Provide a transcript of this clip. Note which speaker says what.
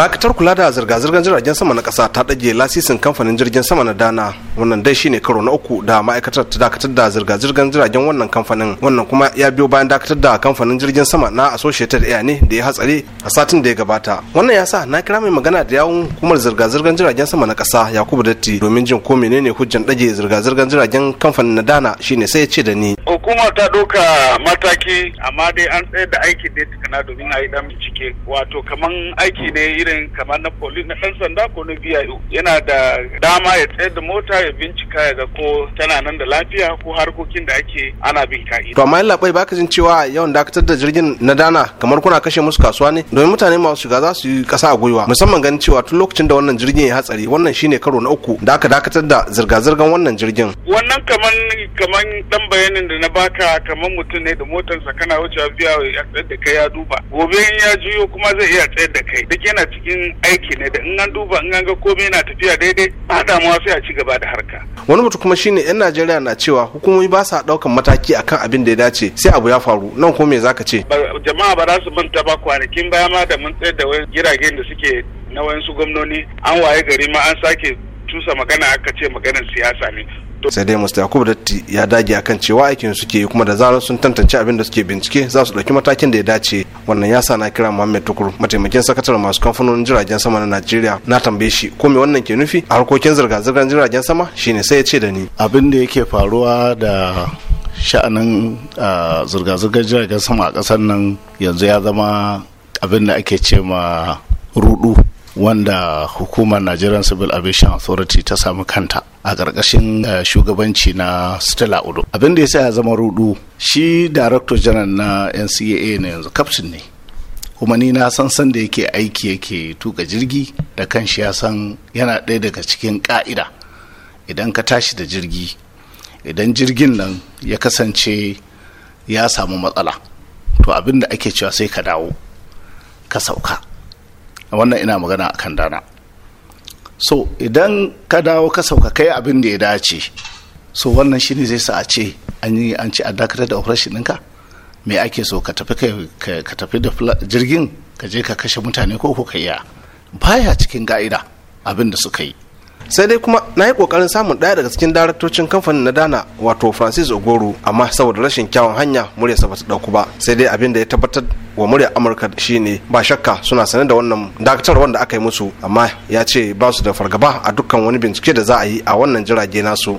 Speaker 1: ma'aikatar kula da zirga-zirgar jiragen sama na kasa ta ɗage lasisin kamfanin jirgin sama na dana wannan dai shine karo na uku da ma'aikatar ta dakatar da zirga-zirgar jiragen wannan kamfanin wannan kuma ya biyo bayan dakatar da kamfanin jirgin sama na associated air ne da ya hatsari a satin da ya gabata wannan ya sa na kira mai magana da yawun hukumar zirga-zirgar jiragen sama na kasa yakubu datti domin jin ko menene hujjan ɗage zirga-zirgar jiragen kamfanin na dana shine sai ya ce da ni
Speaker 2: hukumar ta doka
Speaker 1: mataki
Speaker 2: amma dai an tsaye da aiki da tukana domin a yi dan bincike wato kaman aiki ne irin kamar na police na ɗan sanda ko na biyu yana da dama ya tsayar da mota ya bincika ya ga ko tana nan da lafiya ko harkokin da ake ana bin ka'ida.
Speaker 1: To amma labai baka jin cewa yawan dakatar da jirgin na dana kamar kuna kashe musu kasuwa ne domin mutane masu shiga za su yi kasa a gwiwa musamman ganin cewa tun lokacin da wannan jirgin ya hatsari wannan shine karo na uku da aka dakatar da zirga-zirgar wannan jirgin.
Speaker 2: Wannan kaman kamar dan bayanin da na baka kaman mutum ne da motarsa kana a biya ya tsayar da kai ya duba gobe ya juyo kuma zai iya tsayar da kai duk yana cikin aiki ne da in an duba in an ga komai na tafiya daidai ba damuwa sai a ci gaba da harka
Speaker 1: wani mutu kuma shine yan najeriya na cewa hukumomi ba sa daukan mataki akan abin da ya dace sai abu ya faru nan ko me zaka ce
Speaker 2: jama'a ba za su manta ba kwanakin baya ma da mun tsayar da jiragen da suke na wayansu gwamnoni an waye gari ma an sake cusa magana aka ce maganar siyasa ne
Speaker 1: sai dai mr yakubu datti ya dage akan cewa aikin suke kuma da zarar sun tantance abin da suke bincike za su ɗauki matakin da ya dace wannan ya sa na kira muhammed tukur mataimakin sakataren masu kamfanonin jiragen sama na najeriya na tambaye shi ko me wannan ke nufi a harkokin zirga-zirgar jiragen sama shine sai ya ce da ni
Speaker 3: abin da yake faruwa da sha'anin zirga-zirgar jiragen sama a ƙasar nan yanzu ya zama abin da ake ce ma rudu wanda hukumar Nigerian Civil Aviation Authority ta samu kanta a ƙarƙashin eh, shugabanci na Stella Udo. Abin da ya sa ya zama rudu shi Director General na NCAA na yanzu captain ne. kuma ni na san san da yake aiki yake tuka jirgi da kan shi ya san yana ɗaya daga cikin ƙa'ida idan ka tashi da jirgi idan jirgin nan ya kasance ya samu matsala to abin da ake cewa sai ka dawo ka sauka wannan ina magana a kan dana so idan ka dawo ka sauka kai abin da ya dace so wannan shine zai sa a ce an yi an ci a dakatar da operation ɗinka me ake so ka tafi da jirgin ka je ka kashe mutane ko ku kai iya
Speaker 1: baya cikin ga'ida abin da suka yi sai dai kuma na yi kokarin samun ɗaya daga cikin daraktocin kamfanin na dana wato francis ogoro amma saboda rashin kyawun hanya murya ba bata ɗauku ba sai dai abin da ya tabbatar wa murya amurka shine ba shakka suna sane da wannan dakatar wanda aka yi musu amma ya ce ba su da fargaba a dukkan wani bincike da za a yi a wannan jirage nasu